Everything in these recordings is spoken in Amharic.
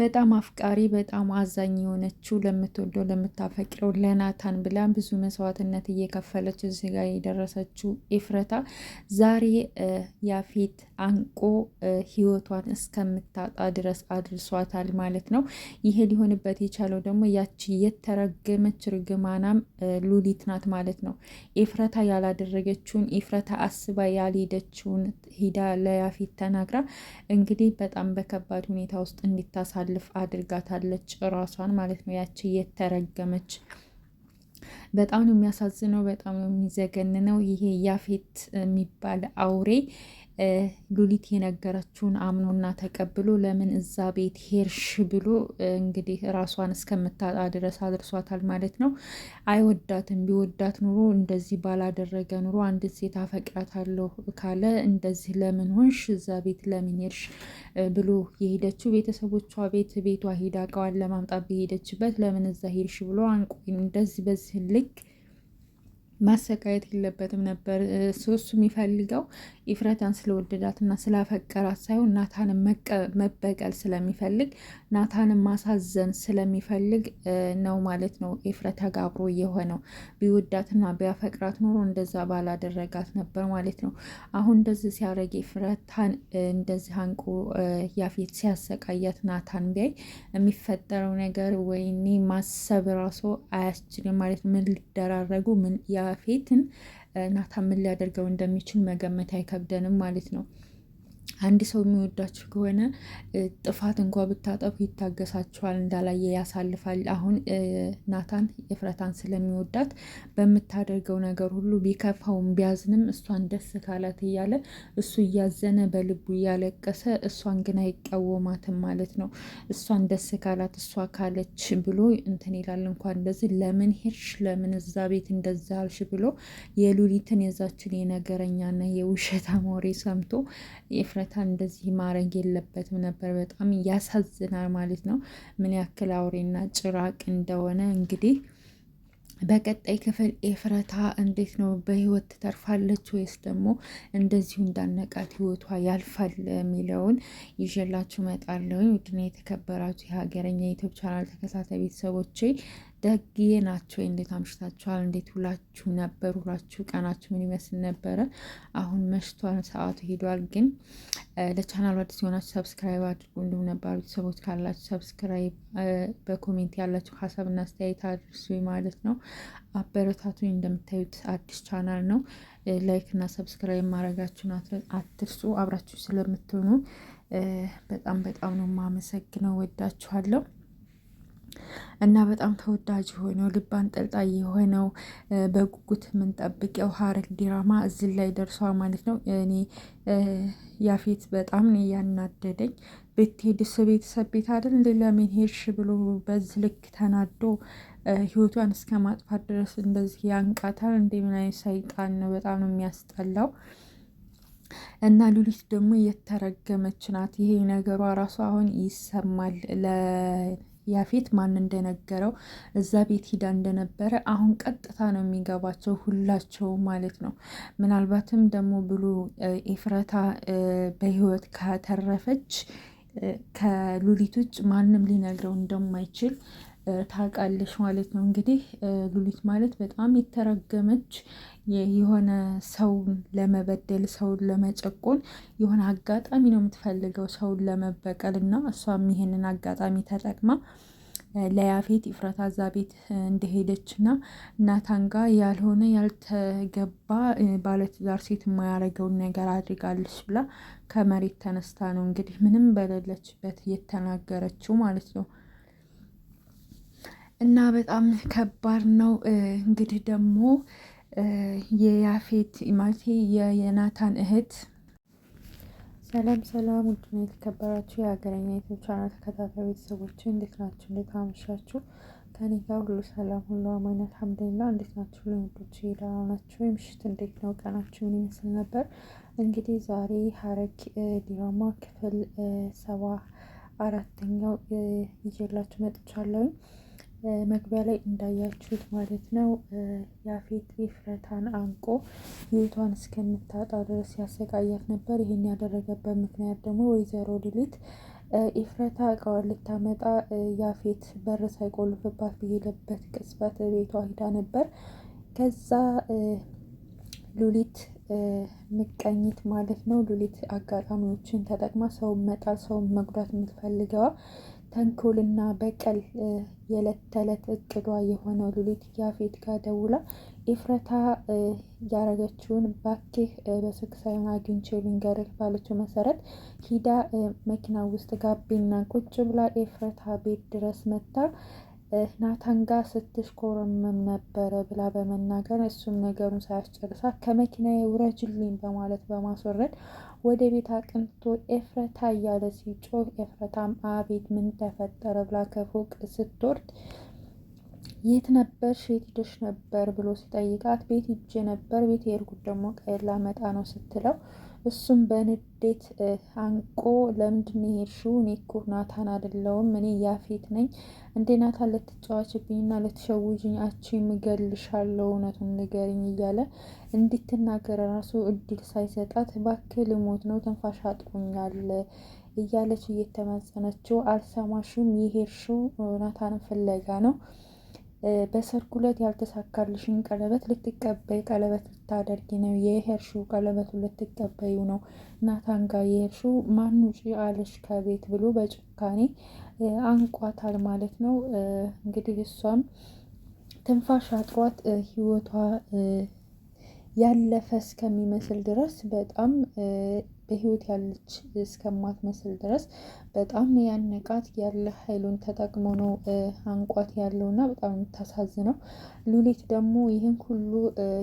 በጣም አፍቃሪ በጣም አዛኝ የሆነችው ለምትወደው ለምታፈቅረው ለናታን ብላ ብዙ መስዋዕትነት እየከፈለች እዚህ ጋር የደረሰችው ኤፍረታ ዛሬ ያፌት አንቆ ህይወቷን እስከምታጣ ድረስ አድርሷታል ማለት ነው። ይሄ ሊሆንበት የቻለው ደግሞ ያቺ የተረገመች ርግማናም ሉሊት ናት ማለት ነው። ኤፍረታ ያላደረገችውን ኤፍረታ አስባ ያልሄደችውን ሂዳ ለያፌት ተናግራ እንግዲህ በጣም በከባድ ሁኔታ ውስጥ እንዲታሳል እንድታሳልፍ አድርጋታለች ራሷን ማለት ነው። ያቺ የተረገመች በጣም ነው የሚያሳዝነው፣ በጣም ነው የሚዘገንነው። ይሄ ያፌት የሚባል አውሬ ሉሊት የነገረችውን አምኖና ተቀብሎ ለምን እዛ ቤት ሄርሽ ብሎ እንግዲህ ራሷን እስከምታጣ ድረስ አድርሷታል ማለት ነው። አይወዳትም። ቢወዳት ኑሮ እንደዚህ ባላደረገ ኑሮ አንድ ሴት አፈቅራታለሁ ካለ እንደዚህ ለምን ሆንሽ፣ እዛ ቤት ለምን ሄርሽ ብሎ የሄደችው ቤተሰቦቿ ቤት ቤቷ ሄዳ እቃዋን ለማምጣት በሄደችበት ለምን እዛ ሄርሽ ብሎ አንቆ እንደዚህ በዚህ click ማሰቃየት የለበትም ነበር። እሱ የሚፈልገው ስለወደዳት ስለወደዳትና ስላፈቀራት ሳይሆን ናታንን መበቀል ስለሚፈልግ ናታንን ማሳዘን ስለሚፈልግ ነው ማለት ነው። ኢፍረተ ጋር አብሮ የሆነው ቢወዳትና ቢያፈቅራት ኖሮ እንደዛ ባላደረጋት ነበር ማለት ነው። አሁን እንደዚህ ሲያደረግ ኢፍረታን እንደዚህ አንቆ ያፌት ሲያሰቃያት ናታን ቢያይ የሚፈጠረው ነገር ወይኔ ማሰብ ራሶ አያስችልም ማለት ምን ሊደራረጉ ምን ያ ያፌትን ናታን ምን ሊያደርገው እንደሚችል መገመት አይከብደንም ማለት ነው። አንድ ሰው የሚወዳችሁ ከሆነ ጥፋት እንኳ ብታጠፉ ይታገሳችኋል፣ እንዳላየ ያሳልፋል። አሁን ናታን ፍረታን ስለሚወዳት በምታደርገው ነገር ሁሉ ቢከፋውም ቢያዝንም እሷን ደስ ካላት እያለ እሱ እያዘነ በልቡ እያለቀሰ እሷን ግን አይቃወማትም ማለት ነው። እሷን ደስ ካላት እሷ ካለች ብሎ እንትን ይላል። እንኳ እንደዚህ ለምን ሄድሽ ለምን እዛ ቤት እንደዛ አልሽ ብሎ የሉሊትን የዛችን የነገረኛና የውሸታ ሞሬ ሰምቶ ማታ እንደዚህ ማድረግ የለበትም ነበር። በጣም ያሳዝናል ማለት ነው ምን ያክል አውሬና ጭራቅ እንደሆነ እንግዲህ በቀጣይ ክፍል ኤፍረታ እንዴት ነው በህይወት ትተርፋለች ወይስ ደግሞ እንደዚሁ እንዳነቃት ህይወቷ ያልፋል የሚለውን ይዤላችሁ እመጣለሁ። ውድና የተከበራችሁ የሀገረኛ ዩቱብ ቻናል ተከታታይ ቤተሰቦቼ ደግዬ ናቸው። እንዴት አምሽታችኋል? እንዴት ውላችሁ ነበር? ውላችሁ ቀናችሁ ምን ይመስል ነበረ? አሁን መሽቷል፣ ሰዓቱ ሄዷል። ግን ለቻናሉ አዲስ የሆናችሁ ሰብስክራይብ አድርጉ። እንዲሁም ነባሩ ቤተሰቦች ካላችሁ ሰብስክራይብ፣ በኮሜንት ያላችሁ ሀሳብና አስተያየት አድርሱ ማለት ነው። አበረታቱ። እንደምታዩት አዲስ ቻናል ነው። ላይክ እና ሰብስክራይብ ማድረጋችሁን አትርሱ። አብራችሁ ስለምትሆኑ በጣም በጣም ነው የማመሰግነው። ወዳችኋለሁ። እና በጣም ተወዳጅ የሆነው ልብ አንጠልጣይ የሆነው በጉጉት የምንጠብቀው ሐረግ ድራማ እዚህ ላይ ደርሷ ማለት ነው። እኔ ያፌት በጣም ነው ያናደደኝ። ብትሄድስ ቤተሰብ ቤት አይደል ለምን ሄድሽ ብሎ በዚህ ልክ ተናዶ ህይወቷን እስከ ማጥፋት ድረስ እንደዚህ ያንቃታል። እንደ ምን አይነት ሰይጣን ነው! በጣም ነው የሚያስጠላው። እና ሉሊት ደግሞ የተረገመች ናት። ይሄ ነገሯ ራሱ አሁን ይሰማል። ያፌት ማን እንደነገረው እዛ ቤት ሂዳ እንደነበረ አሁን ቀጥታ ነው የሚገባቸው ሁላቸው ማለት ነው። ምናልባትም ደግሞ ብሎ ኢፍረታ በህይወት ከተረፈች ከሉሊት ውጭ ማንም ሊነግረው እንደማይችል ታውቃለች ማለት ነው። እንግዲህ ሉሊት ማለት በጣም የተረገመች የሆነ ሰውን ለመበደል ሰውን ለመጨቆን የሆነ አጋጣሚ ነው የምትፈልገው ሰውን ለመበቀል እና እሷም ይሄንን አጋጣሚ ተጠቅማ ለያፌት ይፍረት አዛ ቤት እንደሄደች እና እናታን ጋ ያልሆነ ያልተገባ ባለትዳር ሴት የማያደርገውን ነገር አድርጋለች ብላ ከመሬት ተነስታ ነው እንግዲህ ምንም በሌለችበት የተናገረችው ማለት ነው። እና በጣም ከባድ ነው። እንግዲህ ደግሞ የያፌት ማለት የናታን እህት ሰላም ሰላም፣ ውድና የተከበራችሁ የሀገረኛ የኢትዮ ተከታታይ ቤተሰቦች እንዴት ናችሁ? እንዴት አመሻችሁ? ከኔ ጋር ሁሉ ሰላም ሁሉ አማን አልሐምዱሊላ። እንዴት ናችሁ? ልንዶች ደህና ናችሁ? የምሽት እንዴት ነው ቀናችሁ? ምን ይመስል ነበር? እንግዲህ ዛሬ ሀረግ ድራማ ክፍል ሰባ አራተኛው ይዤላችሁ መጥቻለሁኝ። መግቢያ ላይ እንዳያችሁት ማለት ነው ያፌት ኤፍረታን አንቆ ህይወቷን እስከምታጣ ድረስ ያሰቃያት ነበር። ይህን ያደረገበት ምክንያት ደግሞ ወይዘሮ ሊሊት ኤፍረታ እቃዋን ልታመጣ ያፌት በር ሳይቆልፍባት በሄደበት ቅጽበት ቤቷ ሂዳ ነበር። ከዛ ሉሊት ምቀኝት ማለት ነው። ሉሊት አጋጣሚዎችን ተጠቅማ ሰውን መጣል፣ ሰውን መጉዳት የምትፈልገዋ ተንኮልና በቀል የዕለት ተዕለት እቅዷ የሆነው ሉሊት ያፌት ጋር ደውላ ኤፍረታ ያረገችውን ባኬህ በስልክ ሳይሆን አግኝቼ ልንገርህ ባለችው መሰረት ሂዳ መኪና ውስጥ ጋቢና ቁጭ ብላ ኤፍረታ ቤት ድረስ መታ ናታን ጋር ስትሽኮረመም ነበረ ብላ በመናገር እሱም ነገሩን ሳያስጨርሳ ከመኪና ውረጅልኝ በማለት በማስወረድ ወደ ቤት አቅንቶ ኤፍረታ እያለ ሲጮህ ኤፍረታም አቤት ምን ተፈጠረ ብላ ከፎቅ ስትወርድ የት ነበርሽ? የት ሄደሽ ነበር ብሎ ሲጠይቃት ቤት ሄጄ ነበር፣ ቤት የሄድኩት ደግሞ ቀይር ላመጣ ነው ስትለው እሱም በንዴት አንቆ ለምንድን ነው እኔ እኮ ናታን አይደለሁም እኔ ያፌት ነኝ። እንዴ ናታን ልትጫወችብኝና ልትሸውጅኝ አቺ ምገልሻለሁ፣ እውነቱን ንገርኝ እያለ እንድትናገር ራሱ እድል ሳይሰጣት እባክህ ልሞት ነው ትንፋሽ አጥሮኛል እያለች እየተማጸነችው፣ አልሰማሽም የሄድሽው ናታንን ፍለጋ ነው በሰርጉ ዕለት ያልተሳካልሽን ቀለበት ልትቀበይ ቀለበት ልታደርጊ ነው የሄርሹ ቀለበቱን ልትቀበዩ ነው ናታን ጋር የሄድሽው፣ ማን ውጪ አለሽ ከቤት ብሎ በጭካኔ አንቋታል ማለት ነው። እንግዲህ እሷም ትንፋሽ አጥሯት ህይወቷ ያለፈ እስከሚመስል ድረስ በጣም በህይወት ያለች እስከማትመስል ድረስ በጣም ያነቃት ያለ ኃይሉን ተጠቅሞ ነው አንቋት ያለው እና በጣም የምታሳዝነው ሉሊት ደግሞ ይህን ሁሉ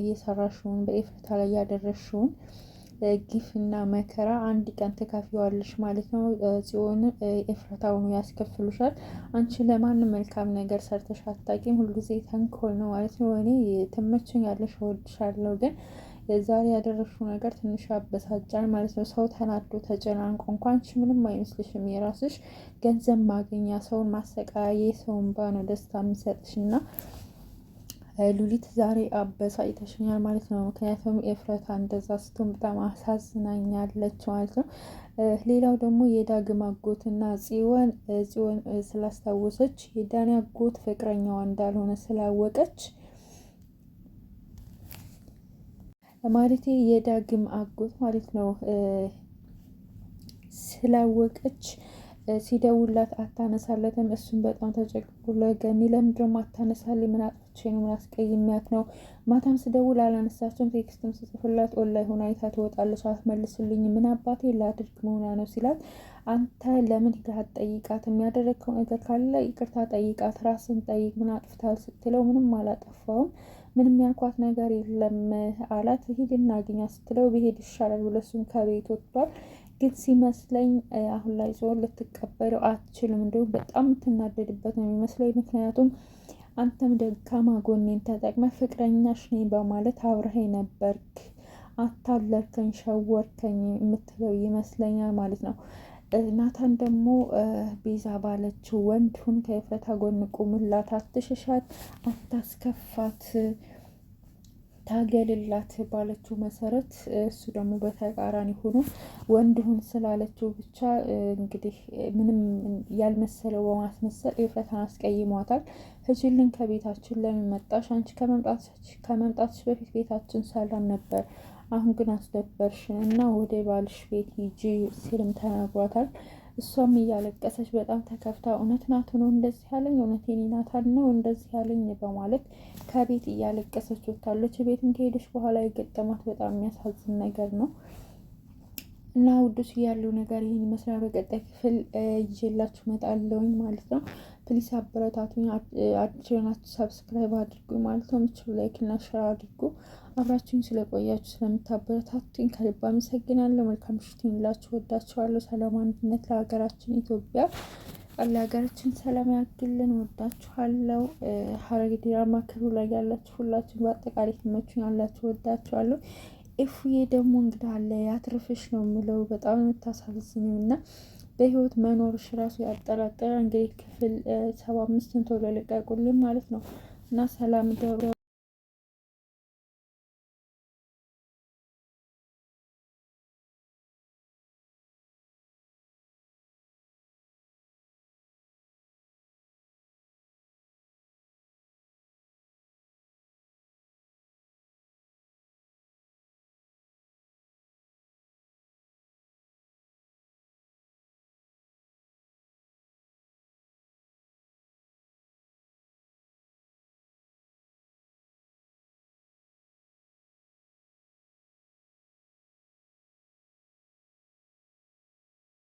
እየሰራሽውን በኤፍርታ ላይ ያደረሽውን ግፍ ግፍና መከራ አንድ ቀን ትከፍይዋለሽ ማለት ነው። ጽዮን ኤፍረታውኑ ያስከፍሉሻል። አንቺ ለማንም መልካም ነገር ሰርተሽ አታቂም። ሁልጊዜ ተንኮል ነው ማለት ነው። እኔ ትመችኛለሽ፣ እወድሻለሁ ግን ዛሬ ያደረሽው ነገር ትንሽ አበሳጫል ማለት ነው። ሰው ተናዶ ተጨናንቆ እንኳን ምንም አይመስልሽም። የራስሽ ገንዘብ ማግኛ ሰውን ማሰቃየ ሰውን ባ ነው ደስታ የሚሰጥሽ እና ሉሊት ዛሬ ይተሽኛል ማለት ነው። ምክንያቱም ኤፍረት እንደዛ ስትሆን በጣም አሳዝናኛለች ማለት ነው። ሌላው ደግሞ የዳግም አጎትና ጽዮን ጽዮን ስላስታወሰች የዳኒ አጎት ፍቅረኛዋ እንዳልሆነ ስላወቀች ማለት የዳግም አጎት ማለት ነው ስላወቀች ሲደውላት አታነሳለትም። እሱም በጣም ተጨቅቆ ለገኒ ለምን ደግሞ አታነሳል? ምን አጥፍቼ ነው? ምን አስቀይሜያት ነው? ማታም ስደውል አላነሳችም። ቴክስትም ስጽፍላት ኦንላይን ሆና አይታ ትወጣለች፣ አትመልስልኝ። ምን አባቴ ላድርግ መሆኗ ነው ሲላት፣ አንተ ለምን ሄደህ አትጠይቃት? የሚያደረግከው ነገር ካለ ይቅርታ ጠይቃት፣ ራስን ጠይቅ፣ ምን አጥፍታል ስትለው፣ ምንም አላጠፋውም ምንም ያልኳት ነገር የለም አላት። ሂድና እናገኛ ስትለው ብሄድ ይሻላል ብሎ እሱም ከቤት ወጥቷል። ግን ሲመስለኝ አሁን ላይ ጽዮን ልትቀበለው አትችልም። እንዲሁም በጣም የምትናደድበት ነው የሚመስለኝ። ምክንያቱም አንተም ደካማ ጎኔን ተጠቅመ ፍቅረኛሽ ነኝ በማለት አብረሃ ነበርክ፣ አታለርከኝ፣ ሸወርከኝ የምትለው ይመስለኛል ማለት ነው ናታን ደግሞ ቤዛ ባለችው ወንድ ሁን፣ ጎን ቁምላት፣ አትሽሻት፣ አታስከፋት፣ ታገልላት ባለችው መሰረት እሱ ደግሞ በተቃራኒ ሆኖ ወንድ ሁን ስላለችው ብቻ እንግዲህ ምንም ያልመሰለው በማስመሰል ኤፍረታን አስቀይሟታል። ህጅልን ከቤታችን ለምን መጣሽ? አንቺ ከመምጣትሽ በፊት ቤታችን ሰላም ነበር አሁን ግን አስደበርሽን እና ወደ ባልሽ ቤት ሂጂ ሲልም ተናግሯታል። እሷም እያለቀሰች በጣም ተከፍታ እውነት ናት ነው እንደዚህ ያለኝ እውነት ናታን ነው እንደዚህ ያለኝ በማለት ከቤት እያለቀሰች ወታለች። ቤትም ከሄደች በኋላ የገጠማት በጣም የሚያሳዝን ነገር ነው እና ውዱስ ያለው ነገር ይህን ይመስላል። በቀጣይ ክፍል ይዤላችሁ እመጣለሁ ማለት ነው። ፕሊስ አበረታቱ አድሬናችሁ ሰብስክራይብ አድርጉ ማለት ነው። ምችሉ ላይክ እና ሸር አድርጉ። አብራችሁኝ ስለቆያችሁ ስለምታበረታቱኝ ከልብ አመሰግናለሁ። መልካም ምሽት ይሁንላችሁ። ወዳችኋለሁ። ሰላም፣ አንድነት ለሀገራችን ኢትዮጵያ ቀላ ሀገራችን ሰላም ያድልን። ወዳችኋለሁ። ሐረግ ድራማ ክፍሉ ላይ ያላችሁ ሁላችሁ በአጠቃላይ ትመቹኝ ያላችሁ ወዳችኋለሁ። ኤፉዬ ደግሞ እንግዳ አለ ያትርፍሽ ነው የምለው በጣም የምታሳዝኝው እና በህይወት መኖርሽ ራሱ ያጠራጠረ። እንግዲህ ክፍል ሰባ አምስትን ቶሎ ልቀቁልን ማለት ነው እና ሰላም ደብረ